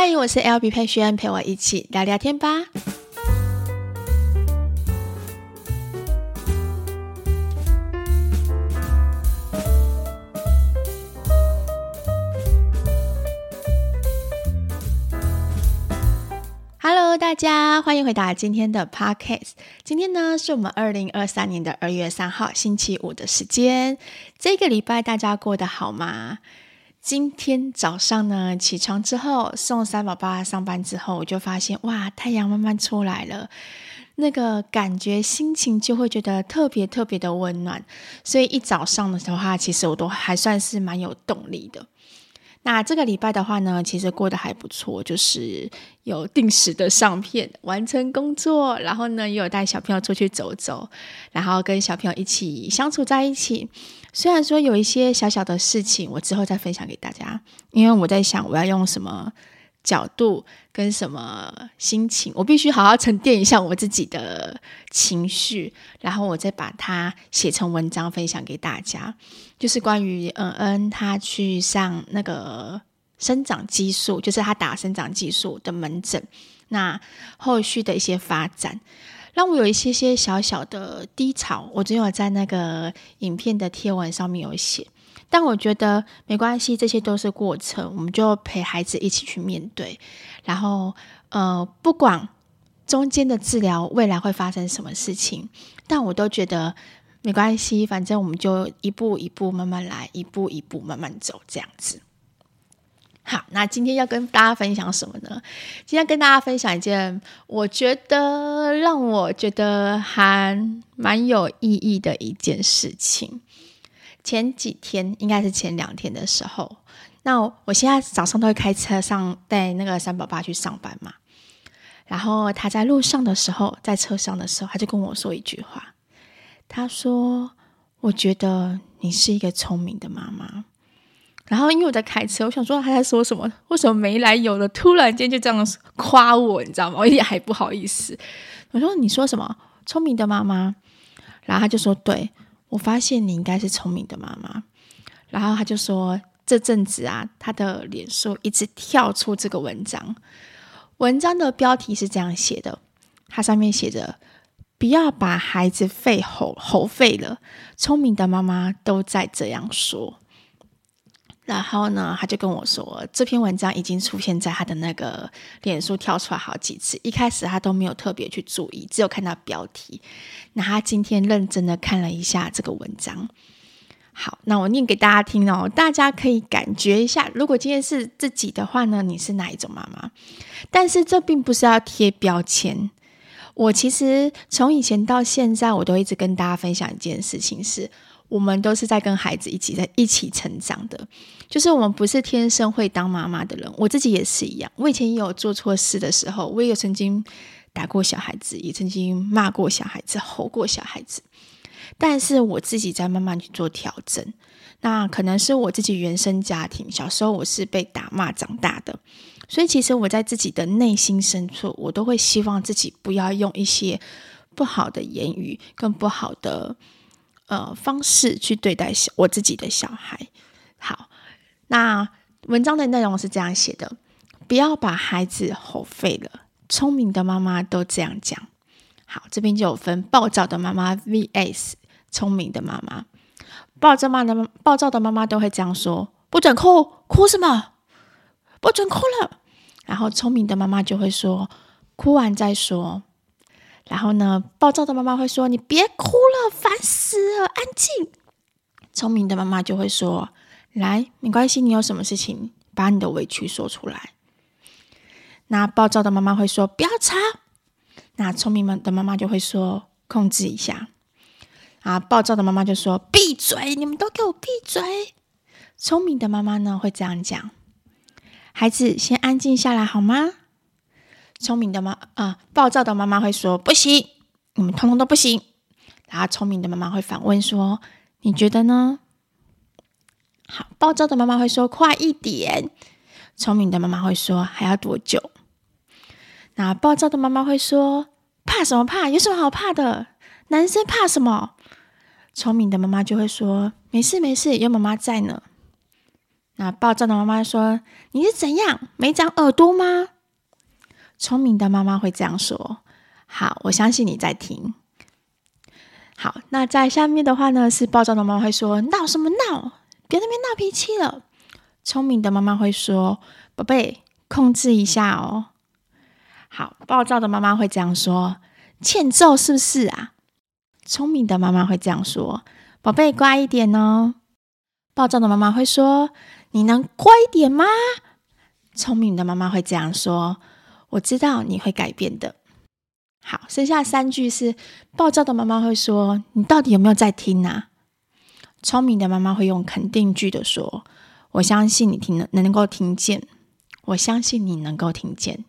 嗨，Hi, 我是 LB 佩萱，陪我一起聊聊天吧。Hello，大家歡迎回答今天的 Podcast。今天呢，是我們二零二三年的二月三號星期五的時間。這個禮拜大家過得好嗎？今天早上呢，起床之後送三寶爸上班之後，我就發現哇，太陽慢慢出來了，那個感覺心情就會覺得特別特別的溫暖，所以一早上的時候哈，其實我都還算是蠻有動力的。那這個禮拜的話呢，其實過得還不錯，就是有定時的上片，完成工作，然後呢也有帶小朋友出去走走，然後跟小朋友一起相處在一起。雖然說有一些小小的事情，我之後再分享給大家，因為我在想我要用什麼角度跟什麼心情，我必須好好沉澱一下我自己的情緒，然後我再把它寫成文章分享給大家。就是關於恩恩，她去上那個生長激素，就是她打生長激素的門診，那後續的一些發展。但我有一些些小小的低潮，我只有在那個影片的貼文上面有寫，但我覺得沒關係，這些都是過程，我們就陪孩子一起去面對。然後，呃，不管中間的治療未來會發生什麼事情，但我都覺得沒關係，反正我們就一步一步慢慢來，一步一步慢慢走，這樣子。好，那今天要跟大家分享什麼呢？今天跟大家分享一件我覺得讓我覺得還蠻有意義的一件事情。前幾天，應該是前兩天的時候，那我，我現在早上都會開車上，帶那個三寶爸去上班嘛，然後他在路上的時候，在車上的時候，他就跟我說一句話，他說：“我覺得你是一個聰明的媽媽。”然後因為我在開車，我想說他在說什麼？為什麼沒來由的突然間就這樣誇我？你知道嗎？我一點還不好意思。我說，你說什麼？聰明的媽媽。然後他就說：“對，我發現你應該是聰明的媽媽。”然後他就說：“這陣子啊，他的臉書一直跳出這個文章，文章的標題是這樣寫的，它上面寫着：不要把孩子廢吼吼廢了，聰明的媽媽都在這樣說。”然後呢，他就跟我說，這篇文章已經出現在他的那個臉書跳出來好幾次。一開始他都沒有特別去注意，只有看到標題。那他今天認真的看了一下這個文章。好，那我念給大家聽哦，大家可以感覺一下，如果今天是自己的話呢，你是哪一種媽媽？但是這並不是要貼標籤。我其實從以前到現在，我都一直跟大家分享一件事情是。我們都是在跟孩子一起在一起成長的，就是我們不是天生會當媽媽的人，我自己也是一樣。我以前也有做錯事的時候，我也有曾經打過小孩子，也曾經罵過小孩子，吼過小孩子。但是我自己在慢慢去做調整。那可能是我自己原生家庭，小時候我是被打罵長大的，所以其實我在自己的內心深處，我都會希望自己不要用一些不好的言語，跟不好的。呃，方式去對待小我自己的小孩。好，那文章的內容是這樣寫的：不要把孩子吼廢了。聰明的媽媽都這樣講。好，這邊就有分暴躁的媽媽 vs 聰明的媽媽。暴躁媽的暴躁的媽媽都會這樣說：不准哭，哭什麼？不准哭了。然後聰明的媽媽就會說：哭完再說。然後呢，暴躁的媽媽會說：你別哭了。安靜，聰明的媽媽就會說：“來，沒關係，你有什麼事情，把你的委屈說出來。”那暴躁的媽媽會說：“不要吵。”那聰明們的媽媽就會說：“控制一下。”啊，暴躁的媽媽就說：“閉嘴，你們都給我閉嘴。”聰明的媽媽呢，會這樣講：“孩子，先安靜下來好嗎？”聰明的媽啊、呃，暴躁的媽媽會說：“不行，你們通通都不行。”然後聰明的媽媽會反問說：“你覺得呢？”好，暴躁的媽媽會說：“快一點！”聰明的媽媽會說：“還要多久？”那暴躁的媽媽會說：“怕什麼怕？有什麼好怕的？男生怕什麼？”聰明的媽媽就會說：“沒事沒事，有媽媽在呢。”那暴躁的媽媽說：“你是怎樣？沒長耳朵嗎？”聰明的媽媽會這樣說：“好，我相信你在聽。”好，那在下面的話呢？是暴躁的媽媽會說：“鬧什麼鬧？別在那邊鬧脾氣了。”聰明的媽媽會說：“寶貝，控制一下哦。”好，暴躁的媽媽會這樣說：“欠揍是不是啊？”聰明的媽媽會這樣說：“寶貝，乖一點哦。”暴躁的媽媽會說：“你能乖一點嗎？”聰明的媽媽會這樣說：“我知道你會改變的。”好，剩下三句是：暴躁的媽媽會說“你到底有沒有在聽啊？”聰明的媽媽會用肯定句的說：“我相信你聽能能夠聽見，我相信你能夠聽見。”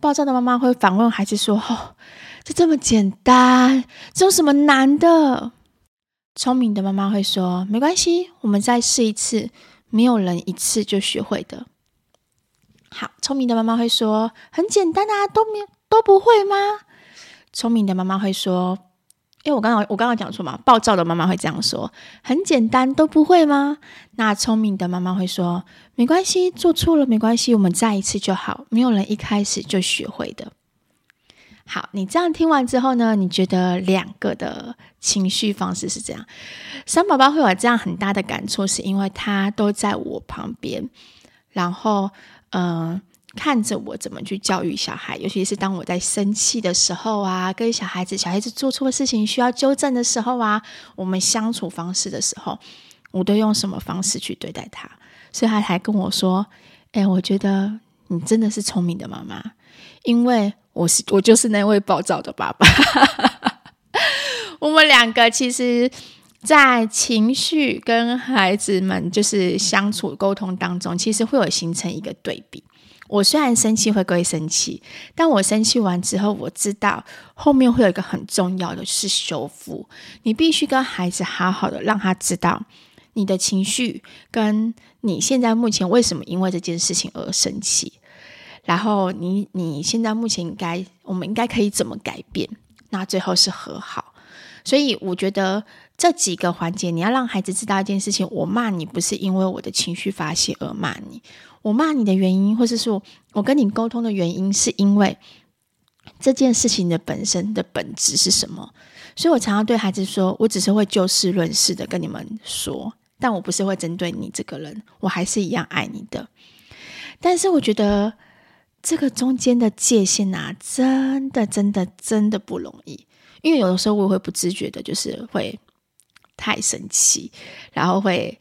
暴躁的媽媽會反問孩子說：“哦，就這,這麼簡單，這有什麼難的？”聰明的媽媽會說：“沒關係，我們再試一次，沒有人一次就學會的。”好，聰明的媽媽會說：“很簡單啊，都沒有。”都不會嗎？聰明的媽媽會說，因為我剛剛我剛剛講錯嘛。暴躁的媽媽會這樣說，很簡單，都不會嗎？那聰明的媽媽會說，沒關係，做錯了沒關係，我們再一次就好。沒有人一開始就學會的。好，你這樣聽完之後呢？你覺得兩個的情緒方式是這樣？三寶寶會有這樣很大的感觸，是因為他都在我旁邊，然後嗯。呃看着我怎麼去教育小孩，尤其是當我在生氣的時候啊，跟小孩子，小孩子做錯事情需要糾正的時候啊，我們相處方式的時候，我都用什麼方式去對待他？所以他還跟我說：“哎，我覺得你真的是聰明的媽媽，因為我是我就是那位暴躁的爸爸。 ”我們兩個其實，在情緒跟孩子們就是相處溝通當中，其實會有形成一個對比。我雖然生氣會歸生氣，但我生氣完之後，我知道後面會有一個很重要的，是修復。你必須跟孩子好好的，讓他知道你的情緒，跟你現在目前為什麼因為這件事情而生氣，然後你你現在目前應該，我們應該可以怎麼改變？那最後是和好。所以我覺得。這幾個環節，你要讓孩子知道一件事情：我罵你不是因為我的情緒發洩而罵你，我罵你的原因，或是說我跟你溝通的原因，是因為這件事情的本身的本質是什麼。所以我常常對孩子說：“我只是會就事論事的跟你們說，但我不是會針對你這個人，我還是一樣愛你的。”但是我覺得這個中間的界限啊，真的真的真的不容易，因為有的時候我會不自覺的，就是會。太生氣，然後會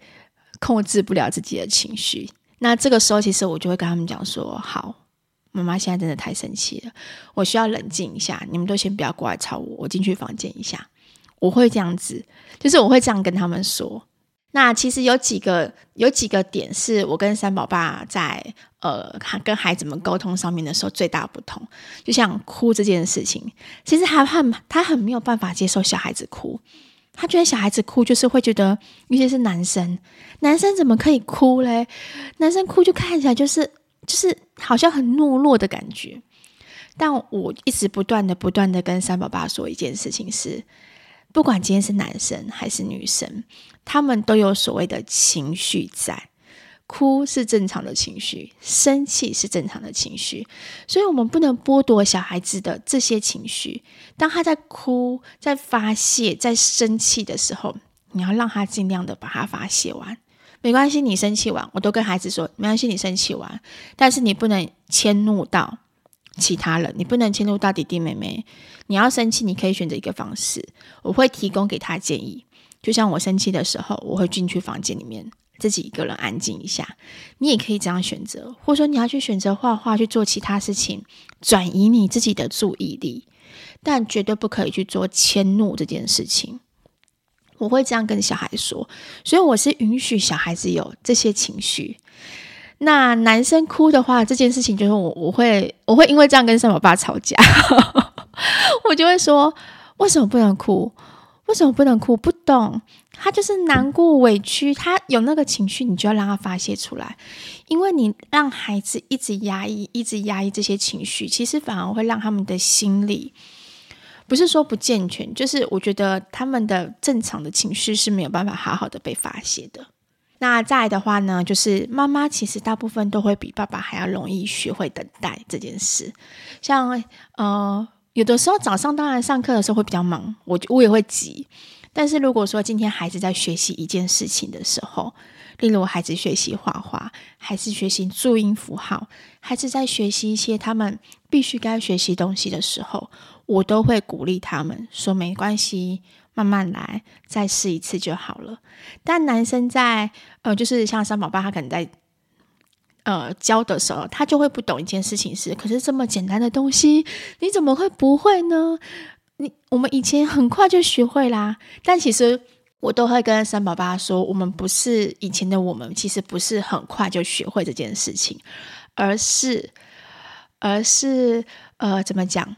控制不了自己的情緒。那這個時候，其實我就會跟他們講說：“好，媽媽現在真的太生氣了，我需要冷靜一下。你們都先不要過來吵我，我進去房間一下。”我會這樣子，就是我會這樣跟他們說。那其實有幾個，有幾個點是我跟三寶爸在呃跟孩子們溝通上面的時候最大不同，就像哭這件事情，其實他很他很沒有辦法接受小孩子哭。他覺得小孩子哭就是會覺得，尤其是男生，男生怎麼可以哭嘞？男生哭就看起來就是就是好像很懦弱的感覺。但我一直不斷的不斷的跟三寶爸說一件事情是，不管今天是男生還是女生，他們都有所謂的情緒在。哭是正常的情緒，生氣是正常的情緒，所以我們不能剝奪小孩子的這些情緒。當他在哭、在發洩、在生氣的時候，你要讓他盡量的把他發洩完，沒關係。你生氣完，我都跟孩子說，沒關係，你生氣完。但是你不能遷怒到其他人，你不能遷怒到弟弟妹妹。你要生氣，你可以選擇一個方式，我會提供給他建議。就像我生氣的時候，我會進去房間裡面。自己一個人安靜一下，你也可以這樣選擇，或者說你要去選擇畫畫，去做其他事情，轉移你自己的注意力，但絕對不可以去做遷怒這件事情。我會這樣跟小孩說，所以我是允許小孩子有這些情緒。那男生哭的話，這件事情就是我我會我會因為這樣跟三寶爸吵架， 我就會說，為什麼不能哭？為什麼不能哭？不懂，他就是難過、委屈，他有那個情緒，你就要讓他發洩出來，因為你讓孩子一直壓抑、一直壓抑這些情緒，其實反而會讓他們的心理不是說不健全，就是我覺得他們的正常的情緒是沒有辦法好好的被發洩的。那再來的話呢，就是媽媽其實大部分都會比爸爸還要容易學會等待這件事，像呃。有的時候早上當然上課的時候會比較忙，我我也會急。但是如果說今天孩子在學習一件事情的時候，例如孩子學習畫畫，還是學習注音符號，還是在學習一些他們必須該學習東西的時候，我都會鼓勵他們說，沒關係，慢慢來，再試一次就好了。但男生在呃，就是像三寶爸，他可能在。呃，教的時候，他就會不懂一件事情是，可是這麼簡單的東西，你怎麼會不會呢？你我們以前很快就學會啦。但其實我都會跟三寶爸說，我們不是以前的我們其實不是很快就學會這件事情，而是而是呃，怎麼講？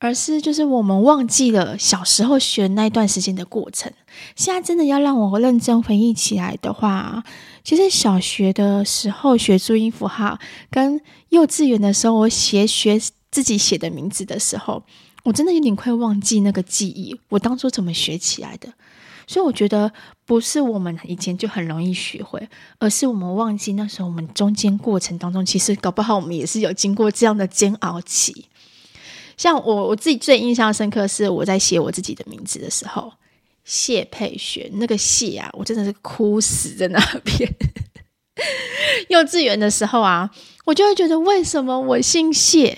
而是就是我們忘記了小時候學那一段時間的過程。現在真的要讓我認真回憶起來的話，其實小學的時候學注音符號，跟幼稚園的時候我寫學自己寫的名字的時候，我真的有點快忘記那個記憶，我當初怎麼學起來的。所以我覺得不是我們以前就很容易學會，而是我們忘記那時候我們中間過程當中，其實搞不好我們也是有經過這樣的煎熬期。像我我自己最印象深刻是我在寫我自己的名字的時候。謝佩璇，那個謝啊，我真的是哭死在那邊。 幼稚園的時候啊，我就會覺得為什麼我姓謝。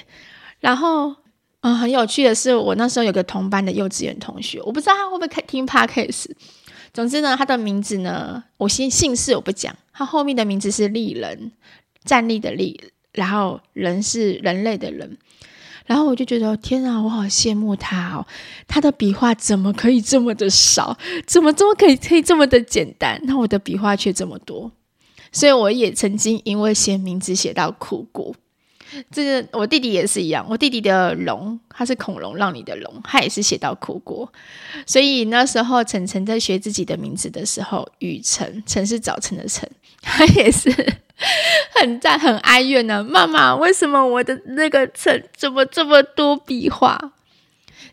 然後嗯很有趣的是，我那時候有個同班的幼稚園同學，我不知道他會不會開聽 Podcast。總之呢，他的名字呢，我姓姓氏我不講，他後面的名字是立人，站立的立，然後人是人類的人。然後我就覺得，天啊，我好羨慕他哦！他的筆畫怎麼可以這麼的少，怎麼怎麼可以可以這麼的簡單？那我的筆畫卻這麼多。所以我也曾經因為寫名字寫到哭過。這個我弟弟也是一樣，我弟弟的龍，他是恐龍讓你的龍，他也是寫到哭過。所以那時候晨晨在學自己的名字的時候，雨晨，晨是早晨的晨，他也是。很讚，很哀怨呢、啊。媽媽，為什麼我的那個成怎麼這麼多筆畫？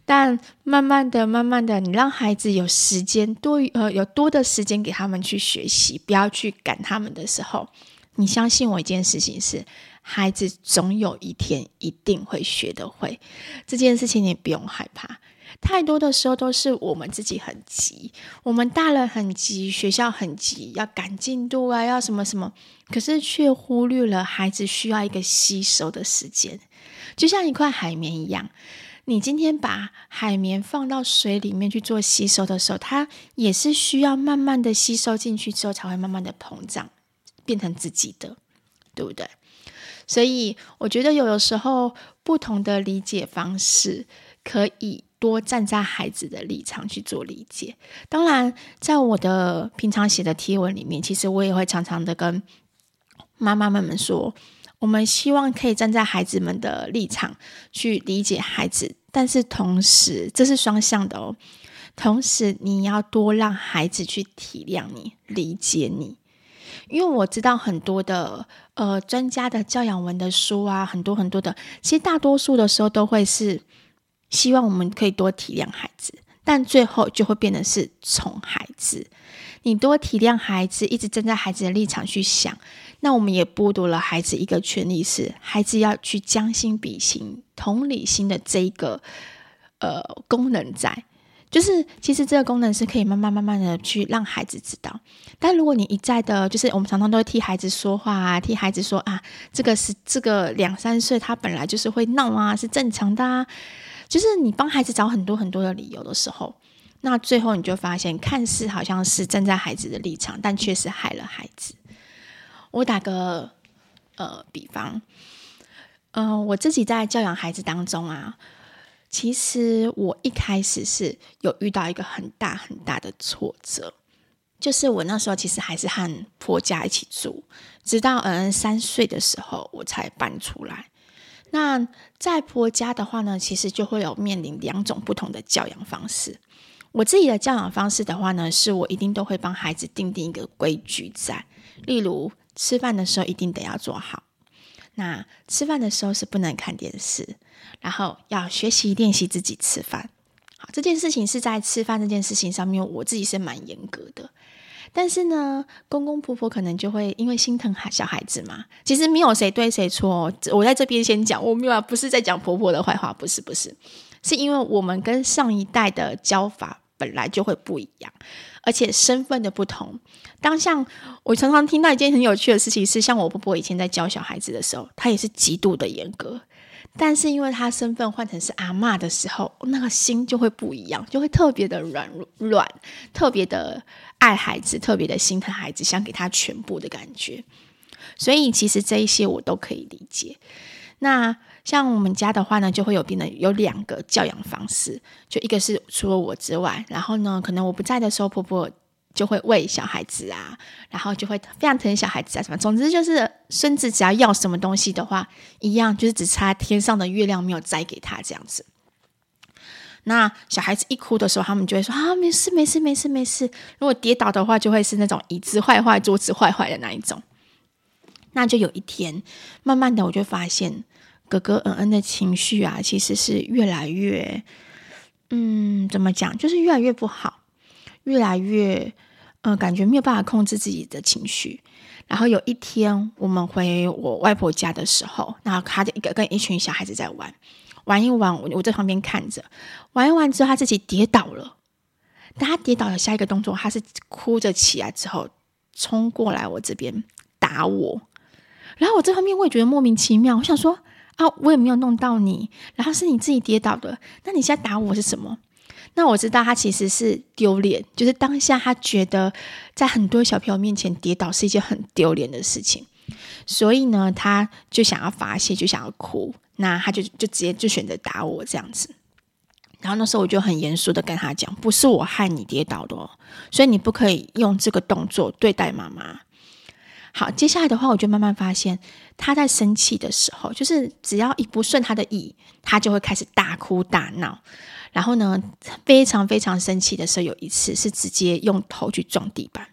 但慢慢的、慢慢的，你讓孩子有時間多呃，有多的時間給他們去學習，不要去趕他們的時候，你相信我一件事情是，孩子總有一天一定會學得會。這件事情你不用害怕。太多的時候都是我們自己很急，我們大人很急，學校很急，要趕進度啊，要什麼什麼，可是卻忽略了孩子需要一個吸收的時間，就像一塊海綿一樣，你今天把海綿放到水裡面去做吸收的時候，它也是需要慢慢的吸收進去之後才會慢慢的膨脹，變成自己的，對不對？所以我覺得有的時候不同的理解方式可以。多站在孩子的立場去做理解。當然，在我的平常寫的貼文裡面，其實我也會常常的跟媽媽們們說，我們希望可以站在孩子們的立場去理解孩子，但是同時這是雙向的哦。同時，你要多讓孩子去體諒你、理解你，因為我知道很多的呃專家的教養文的書啊，很多很多的，其實大多數的時候都會是。希望我們可以多體諒孩子，但最後就會變得是寵孩子。你多體諒孩子，一直站在孩子的立場去想，那我們也剝奪了孩子一個權利，是孩子要去將心比心、同理心的這一個呃功能在。就是其實這個功能是可以慢慢慢慢的去讓孩子知道，但如果你一再的，就是我們常常都會替孩子說話啊，替孩子說啊，這個是這個兩三歲他本來就是會鬧啊，是正常的啊。就是你幫孩子找很多很多的理由的時候，那最後你就發現，看似好像是站在孩子的立場，但確實害了孩子。我打個呃比方，嗯、呃，我自己在教養孩子當中啊，其實我一開始是有遇到一個很大很大的挫折，就是我那時候其實還是和婆家一起住，直到嗯三歲的時候我才搬出來。那在婆家的話呢，其實就會有面臨兩種不同的教養方式。我自己的教養方式的話呢，是我一定都會幫孩子訂定一個規矩在，例如吃飯的時候一定得要做好，那吃飯的時候是不能看電視，然後要學習練習自己吃飯。好，這件事情是在吃飯這件事情上面，我自己是蠻嚴格的。但是呢，公公婆婆可能就會因為心疼孩小孩子嘛。其實沒有誰對誰錯。我在這邊先講，我沒有、啊、不是在講婆婆的壞話，不是不是，是因為我們跟上一代的教法本來就會不一樣，而且身份的不同。當像我常常聽到一件很有趣的事情是，像我婆婆以前在教小孩子的時候，她也是極度的嚴格。但是因為她身份換成是阿嬤的時候，那個心就會不一樣，就會特別的軟軟，特別的。愛孩子特別的心疼孩子，想給他全部的感覺，所以其實這一些我都可以理解。那像我們家的話呢，就會有變成有兩個教養方式，就一個是除了我之外，然後呢，可能我不在的時候，婆婆就會餵小孩子啊，然後就會非常疼小孩子啊，什麼，總之就是孫子只要要什麼東西的話，一樣就是只差天上的月亮沒有摘給他這樣子。那小孩子一哭的時候，他們就會說啊，沒事，沒事，沒事，沒事。如果跌倒的話，就會是那種椅子壞壞、桌子壞壞的那一種。那就有一天，慢慢的，我就發現哥哥嗯嗯的情緒啊，其實是越來越，嗯，怎麼講，就是越來越不好，越來越，嗯、呃、感覺沒有辦法控制自己的情緒。然後有一天，我們回我外婆家的時候，那他一個跟一群小孩子在玩。玩一玩，我我在旁邊看着，玩一玩之後，他自己跌倒了。但他跌倒了，下一個動作，他是哭着起來之後，衝過來我這邊打我。然後我這方面我也覺得莫名其妙，我想說啊，我也沒有弄到你，然後是你自己跌倒的，那你現在打我是什麼？那我知道他其實是丟臉，就是當下他覺得在很多小朋友面前跌倒是一件很丟臉的事情。所以呢，他就想要發洩，就想要哭，那他就就直接就選擇打我這樣子。然後那時候我就很嚴肅的跟他講，不是我害你跌倒的哦，所以你不可以用這個動作對待媽媽。好，接下來的話，我就慢慢發現他在生氣的時候，就是只要一不順他的意，他就會開始大哭大鬧。然後呢，非常非常生氣的時候，有一次是直接用頭去撞地板，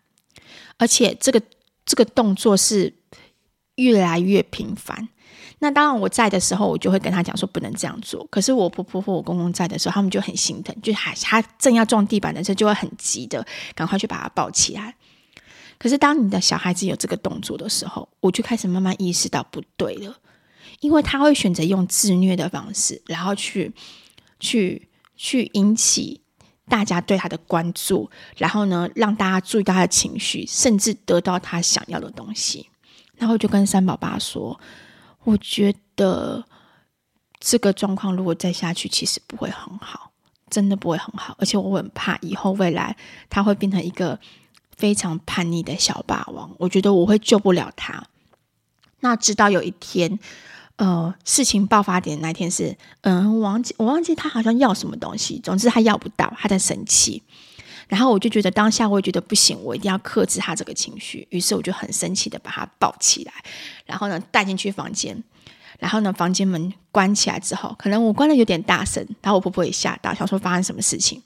而且這個這個動作是。越來越頻繁。那當然，我在的時候，我就會跟他講說，不能這樣做。可是我婆婆或我公公在的時候，他們就很心疼，就還他正要撞地板的時候，就會很急的趕快去把他抱起來。可是當你的小孩子有這個動作的時候，我就開始慢慢意識到不對了，因為他會選擇用自虐的方式，然後去去去引起大家對他的關注，然後呢，讓大家注意到他的情緒，甚至得到他想要的東西。然後我就跟三寶爸說：“我覺得這個狀況如果再下去，其實不會很好，真的不會很好。而且我很怕以後未來他會變成一個非常叛逆的小霸王，我覺得我會救不了他。那直到有一天，呃，事情爆發點那天是，嗯，忘記我忘記他好像要什麼東西，總之他要不到，他在生氣。”然後我就覺得當下，我也覺得不行，我一定要克制他這個情緒。於是我就很生氣的把他抱起來，然後呢帶進去房間，然後呢房間門關起來之後，可能我關的有點大聲，然後我婆婆也嚇到，想說發生什麼事情。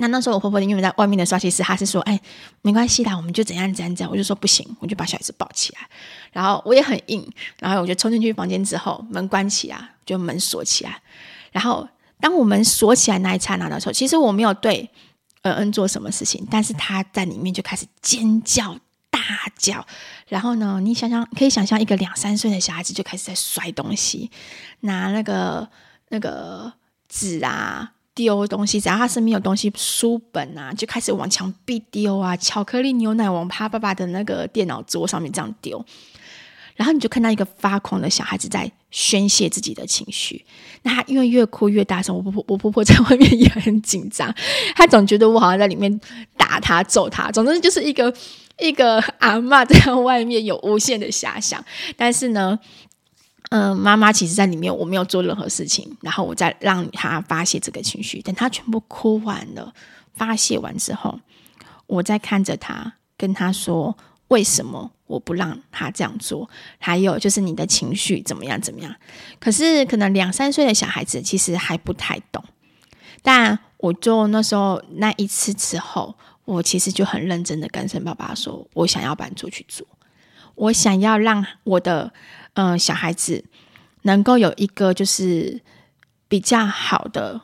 那那時候我婆婆因為在外面的時候，其實她是說：“哎，沒關係啦，我們就怎樣怎樣怎樣怎樣”我就說：“不行！”我就把小孩子抱起來，然後我也很硬，然後我就衝進去房間之後，門關起來，就門鎖起來。然後當我們鎖起來那一剎那的時候，其實我沒有對。嗯嗯，做什麼事情？但是他在裡面就開始尖叫大叫，然後呢，你想想，可以想象一個兩三歲的小孩子就開始在摔東西，拿那個那個紙啊丟東西，只要他身邊有東西，書本啊就開始往牆壁丟啊，巧克力牛奶往他爸爸的那個電腦桌上面這樣丟。然後你就看到一個發狂的小孩子在宣洩自己的情緒。那他因為越哭越大聲，我婆我婆婆在外面也很緊張，她總覺得我好像在裡面打他、揍他。總之就是一個一個阿嬤在外面有無限的遐想。但是呢，嗯，媽媽其實在裡面我沒有做任何事情，然後我再讓他發洩這個情緒。等他全部哭完了、發洩完之後，我再看着他，跟他說。為什麼我不讓他這樣做？還有就是你的情緒怎麼樣？怎麼樣？可是可能兩三歲的小孩子其實還不太懂。但我就那時候那一次之後，我其實就很認真的跟生爸爸說：“我想要搬出去住，我想要讓我的嗯、呃、小孩子能夠有一個就是比較好的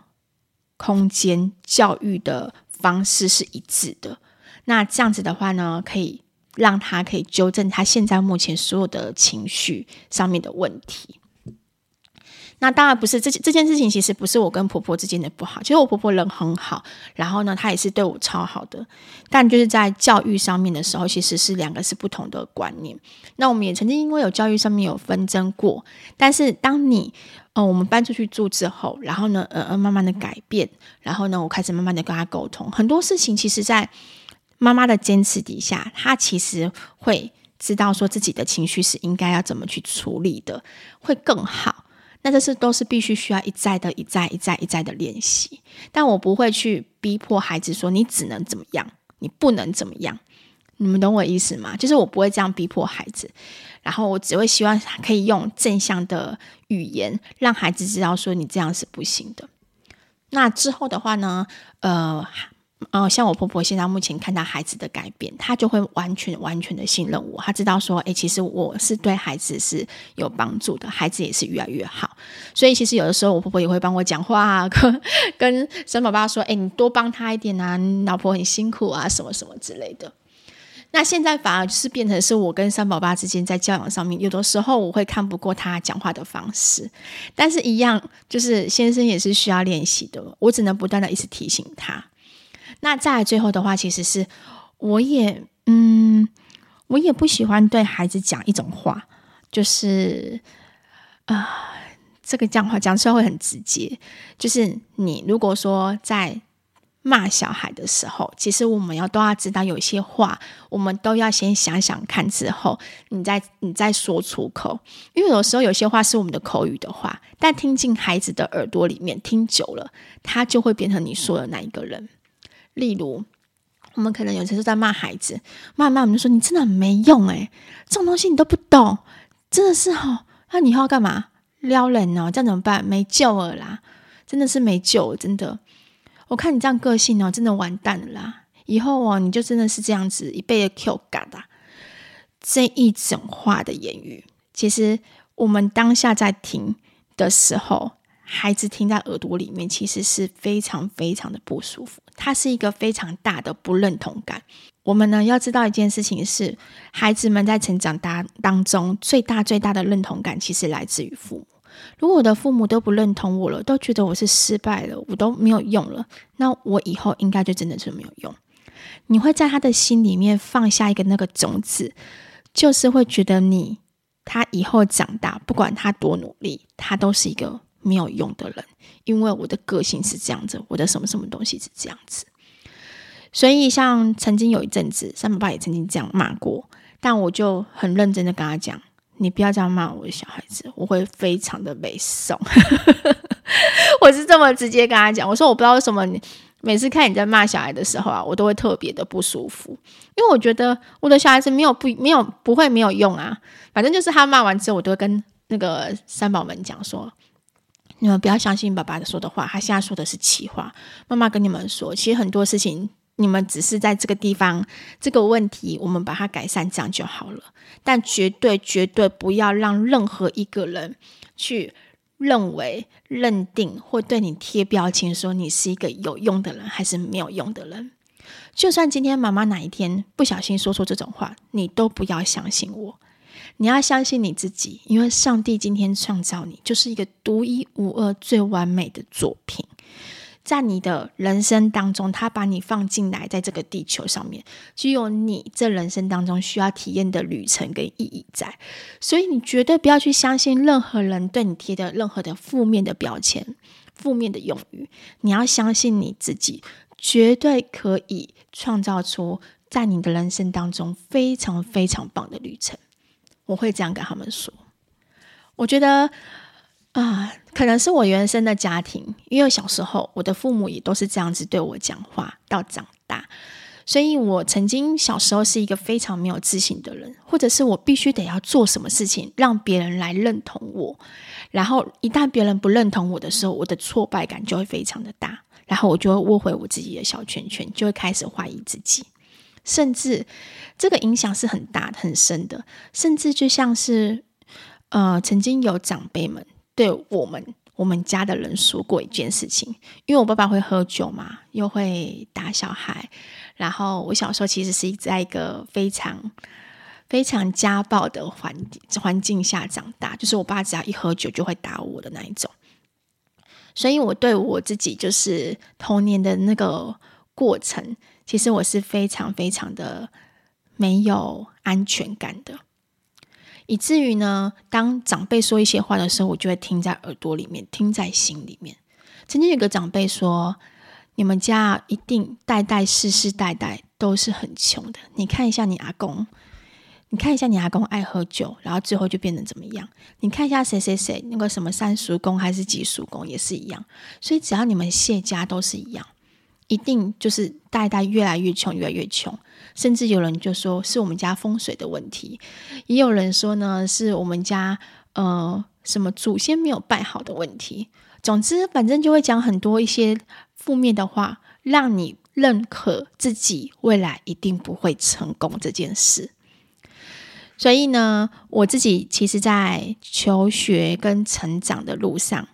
空間，教育的方式是一致的。那這樣子的話呢，可以。”讓他可以糾正他現在目前所有的情緒上面的問題。那當然不是，這件這件事情其實不是我跟婆婆之間的不好。其實我婆婆人很好，然後呢，她也是對我超好的。但就是在教育上面的時候，其實是兩個是不同的觀念。那我們也曾經因為有教育上面有紛爭過。但是當你呃我們搬出去住之後，然後呢，呃，呃慢慢的改變，然後呢，我開始慢慢的跟他溝通很多事情，其實在。媽媽的堅持底下，他其實會知道說自己的情緒是應該要怎麼去處理的，會更好。那這是都是必須需要一再的一再一再一再的練習。但我不會去逼迫孩子說你只能怎麼樣，你不能怎麼樣。你們懂我意思嗎？就是我不會這樣逼迫孩子，然後我只會希望可以用正向的語言，讓孩子知道說你這樣是不行的。那之後的話呢，呃。哦，像我婆婆現在目前看到孩子的改變，她就會完全完全的信任我。她知道說，誒、欸，其實我是對孩子是有幫助的，孩子也是越來越好。所以其實有的時候我婆婆也會幫我講話，跟跟三寶爸說，誒、欸，你多幫他一點啊，你老婆很辛苦啊，什麼什麼之類的。那現在反而就是變成是我跟三寶爸之間在教養上面，有的時候我會看不過他講話的方式，但是一樣就是先生也是需要練習的，我只能不斷的一直提醒他。那再來最後的話，其實是我也嗯，我也不喜歡對孩子講一種話，就是啊、呃，這個講話講出來會很直接。就是你如果說在罵小孩的時候，其實我們要都要知道，有些話我們都要先想想看，之後你再你再說出口。因為有時候有些話是我們的口語的話，但聽進孩子的耳朵裡面，聽久了，他就會變成你說的那一個人。例如，我們可能有些時候在罵孩子，罵罵我們就說，你真的很沒用誒、欸，這種東西你都不懂，真的是哈、哦，那、啊、你以後要幹嘛？撩人哦，這樣怎麼辦？沒救了啦，真的是沒救了，真的。我看你這樣個性哦，真的完蛋了啦！以後哦，你就真的是這樣子一輩子 Q 嘎的這一整話的言語，其實我們當下在聽的時候。孩子聽在耳朵裡面，其實是非常非常的不舒服。他是一個非常大的不認同感。我們呢，要知道一件事情是，孩子們在成長當當中，最大最大的認同感其實來自於父母。如果我的父母都不認同我了，都覺得我是失敗了，我都沒有用了，那我以後應該就真的是沒有用。你會在他的心裡面放下一個那個種子，就是會覺得你，他以後長大，不管他多努力，他都是一個，沒有用的人，因為我的個性是這樣子，我的什麼什麼東西是這樣子，所以像曾經有一陣子，三寶爸也曾經這樣罵過，但我就很認真的跟他講，你不要這樣罵我的小孩子，我會非常的悲傷。 我是這麼直接跟他講，我說我不知道為什麼，每次看你在罵小孩的時候啊，我都會特別的不舒服，因為我覺得我的小孩子沒有不沒有不會沒有用啊，反正就是他罵完之後，我都會跟那個三寶們講說。你們不要相信爸爸說的話，他現在說的是氣話。媽媽跟你們說，其實很多事情，你們只是在這個地方這個問題，我們把它改善，這樣就好了。但絕對絕對不要讓任何一個人去認為、認定或對你貼標籤，說你是一個有用的人還是沒有用的人。就算今天媽媽哪一天不小心說出這種話，你都不要相信我。你要相信你自己，因為上帝今天創造你，就是一個獨一無二、最完美的作品。在你的人生當中，他把你放進來，在這個地球上面，只有你這人生當中需要體驗的旅程跟意義在。所以，你絕對不要去相信任何人對你貼的任何的負面的標籤、負面的用語。你要相信你自己，絕對可以創造出在你的人生當中非常非常棒的旅程。我會這樣跟他們說，我覺得啊、呃，可能是我原生的家庭，因為小時候我的父母也都是這樣子對我講話，到長大，所以我曾經小時候是一個非常沒有自信的人，或者是我必須得要做什麼事情讓別人來認同我，然後一旦別人不認同我的時候，我的挫敗感就會非常的大，然後我就會窩回我自己的小圈圈，就會開始懷疑自己。甚至，這個影響是很大、很深的。甚至就像是，呃，曾經有長輩們對我們我們家的人說過一件事情，因為我爸爸會喝酒嘛，又會打小孩，然後我小時候其實是在一個非常非常家暴的環環境下長大，就是我爸只要一喝酒就會打我的那一種。所以我對我自己就是童年的那個過程。其實我是非常非常的沒有安全感的，以至於呢，當長輩說一些話的時候，我就會聽在耳朵裡面，聽在心裡面。曾經有個長輩說：“你們家一定代代世世代代都是很窮的。”你看一下你阿公，你看一下你阿公愛喝酒，然後最後就變得怎麼樣？你看一下誰誰誰那個什麼三叔公還是幾叔公也是一樣，所以只要你們謝家都是一樣。一定就是代代越來越窮，越來越窮，甚至有人就說是我們家風水的問題，也有人說呢是我們家呃什麼祖先沒有拜好的問題。總之，反正就會講很多一些負面的話，讓你認可自己未來一定不會成功這件事。所以呢，我自己其實，在求學跟成長的路上。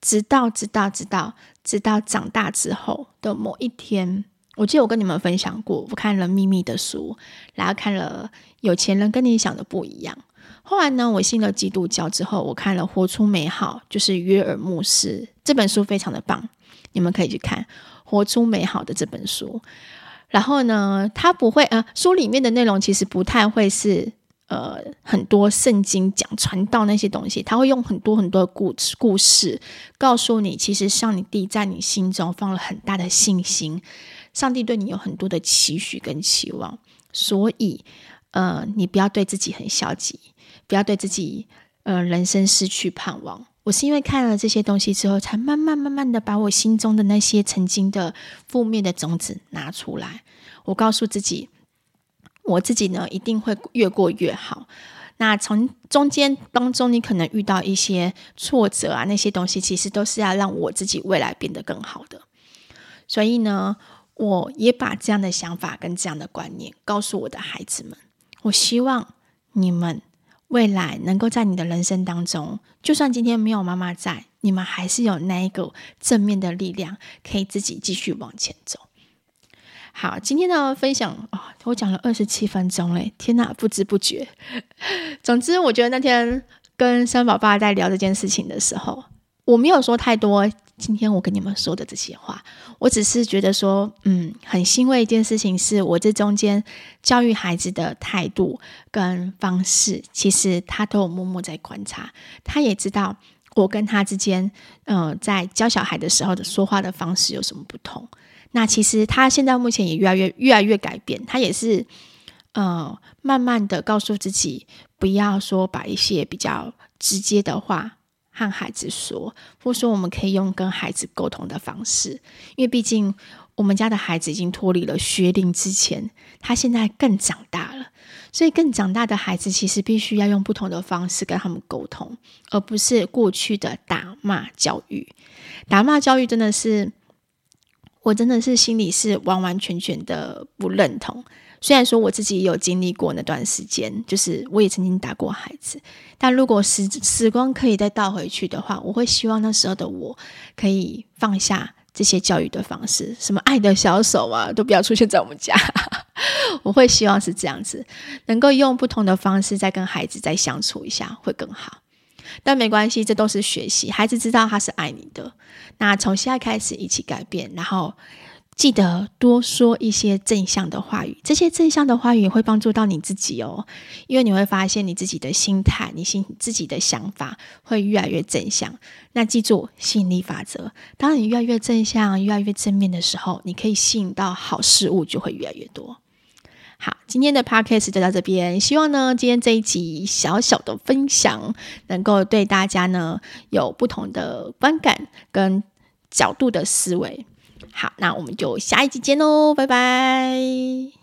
直到，直到，直到，直到長大之後的某一天，我記得我跟你們分享過，我看了《秘密》的書，然後看了《有錢人跟你想的不一樣》。後來呢，我信了基督教之後，我看了《活出美好》，就是約爾牧師這本書非常的棒，你們可以去看《活出美好的》這本書。然後呢，它不會，呃，書裡面的內容其實不太會是。呃，很多聖經講傳道那些東西，他會用很多很多的故故事，告訴你，其實上帝在你心中放了很大的信心，上帝對你有很多的期許跟期望，所以，呃，你不要對自己很消極，不要對自己，呃，人生失去盼望。我是因為看了這些東西之後，才慢慢慢慢的把我心中的那些曾經的負面的種子拿出來，我告訴自己。我自己呢，一定會越過越好。那從中間當中，你可能遇到一些挫折啊，那些東西其實都是要讓我自己未來變得更好的。所以呢，我也把這樣的想法跟這樣的觀念告訴我的孩子們。我希望你們未來能夠在你的人生當中，就算今天沒有媽媽在，你們還是有那一個正面的力量，可以自己繼續往前走。好，今天呢，分享啊、哦，我講了二十七分鐘嘞，天吶，不知不覺。總之，我覺得那天跟三寶爸在聊這件事情的時候，我沒有說太多。今天我跟你們說的這些話，我只是覺得說，嗯，很欣慰一件事情，是我這中間教育孩子的態度跟方式，其實他都有默默在觀察，他也知道我跟他之間，嗯、呃，在教小孩的時候的說話的方式有什麼不同。那其實他現在目前也越來越越來越改變，他也是，呃，慢慢的告訴自己不要說把一些比較直接的話和孩子說，或說我們可以用跟孩子溝通的方式，因為畢竟我們家的孩子已經脫離了學齡之前，他現在更長大了，所以更長大的孩子其實必須要用不同的方式跟他們溝通，而不是過去的打罵教育，打罵教育真的是。我真的是心裡是完完全全的不認同，雖然說我自己也有經歷過那段時間，就是我也曾經打過孩子，但如果時時光可以再倒回去的話，我會希望那時候的我可以放下這些教育的方式，什麼愛的小手啊，都不要出現在我們家， 我會希望是這樣子，能夠用不同的方式再跟孩子再相處一下，會更好。但沒關係，這都是學習。孩子知道他是愛你的。那從現在開始一起改變，然後記得多說一些正向的話語。這些正向的話語會幫助到你自己哦，因為你會發現你自己的心態、你心自己的想法會越來越正向。那記住吸引力法則，當你越來越正向、越來越正面的時候，你可以吸引到好事物就會越來越多。好，今天的 podcast 就到這邊。希望呢，今天這一集小小的分享，能夠對大家呢有不同的觀感跟角度的思維。好，那我們就下一集見嘍，拜拜。